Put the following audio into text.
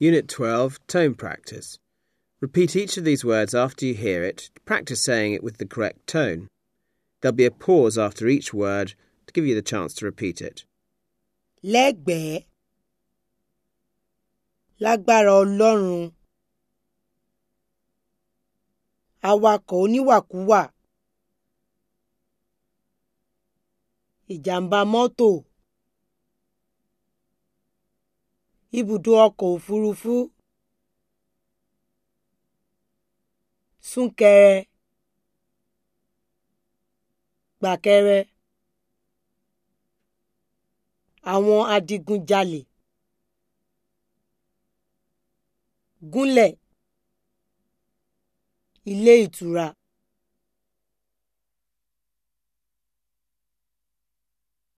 Unit 12, Tone Practice. Repeat each of these words after you hear it. Practice saying it with the correct tone. There'll be a pause after each word to give you the chance to repeat it. Legbe. Lágbára Ọlọ́run. Awakọ̀ oníwàkúwà. Ìjàmbá mọ́tò. ibùdó ọkọ̀ òfurufú súnkẹrẹ gbàkẹrẹ àwọn adigunjalè gúnlẹ̀ ilé ìtura.